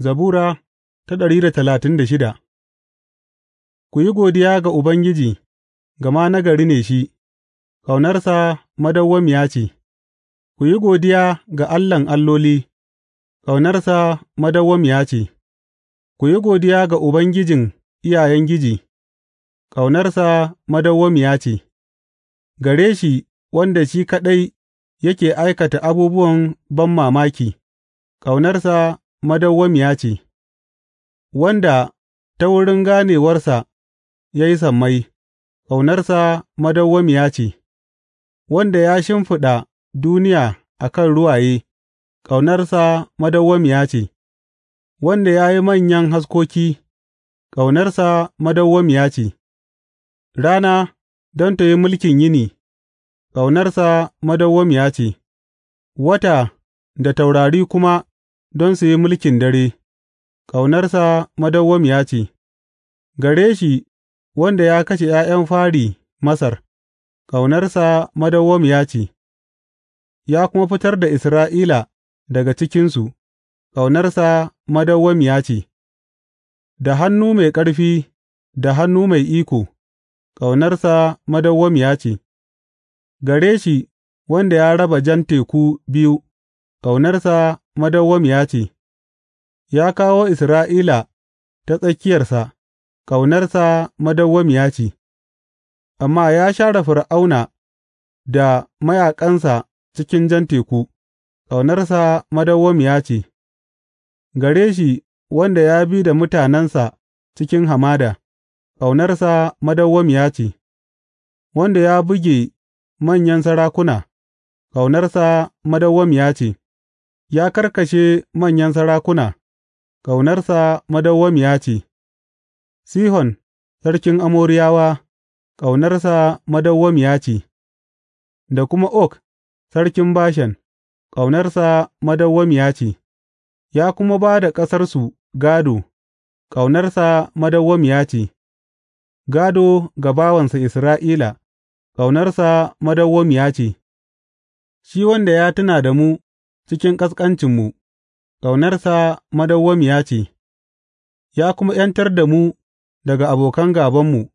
Zabura ta ɗari da talatin da shida Ku yi godiya ga Ubangiji, gama nagari ne shi, ƙaunarsa madawwamiya ce; ku yi godiya ga Allahn alloli, ƙaunarsa madawwamiya ce; ku yi godiya ga Ubangijin iyayen giji, ƙaunarsa madawwamiya ce; gare shi wanda shi kaɗai yake aikata abubuwan banmamaki, ƙaunarsa madawwamiya ce, wanda ta wurin ganewarsa ya yi sammai, ƙaunarsa madawwamiya ce, wanda ya shimfiɗa duniya a kan ruwaye, ƙaunarsa madawwamiya ce, wanda ya yi manyan haskoki, ƙaunarsa madawwamiya ce, rana don ta yi mulkin yini, ƙaunarsa madawwamiya ce, wata da taurari kuma don su yi mulkin dare, Ƙaunarsa madawwamiya ce; gare shi wanda ya kashe ’ya'yan fari Masar, Ƙaunarsa madawwamiya ce; ya kuma fitar da Isra'ila daga cikinsu, Ƙaunarsa madawwamiya ce; da hannu mai ƙarfi da hannu mai iko, Ƙaunarsa madawwamiya ce; gare shi wanda ya raba Jan Teku biyu. Ƙaunarsa madawwamiya ce; ya kawo Isra'ila ta tsakiyarsa, ƙaunarsa madawwamiya ce; amma ya share Fir'auna da mayaƙansa cikin Jan Teku, ƙaunarsa madawwamiya ce gare shi wanda ya bi da mutanensa cikin hamada, ƙaunarsa madawwamiya ce wanda ya buge manyan sarakuna, ƙaunarsa madawwamiya ce. Ya karkashe manyan sarakuna, Ƙaunarsa madawwamiya ce; Sihon sarkin Amoriyawa, ƙaunarsa madawwamiya ce, da kuma Og sarkin Bashan, ƙaunarsa madawwamiya ce; ya kuma ba da ƙasarsu gādo, ƙaunarsa madawwamiya ce, gādo ga bawansa Isra'ila, ƙaunarsa madawwamiya ce, shi wanda ya tuna da mu. cikin ƙasƙancinmu, ƙaunarsa madawwamiya ce, ya kuma ’yantar da mu daga abokan gābanmu,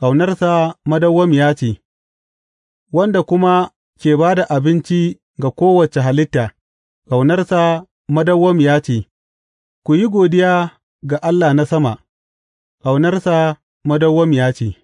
ƙaunarsa madawwamiya ce, wanda kuma ke ba da abinci ga kowace halitta, ƙaunarsa madawwamiya ce, ku yi godiya ga Allah na sama, ƙaunarsa madawwamiya ce.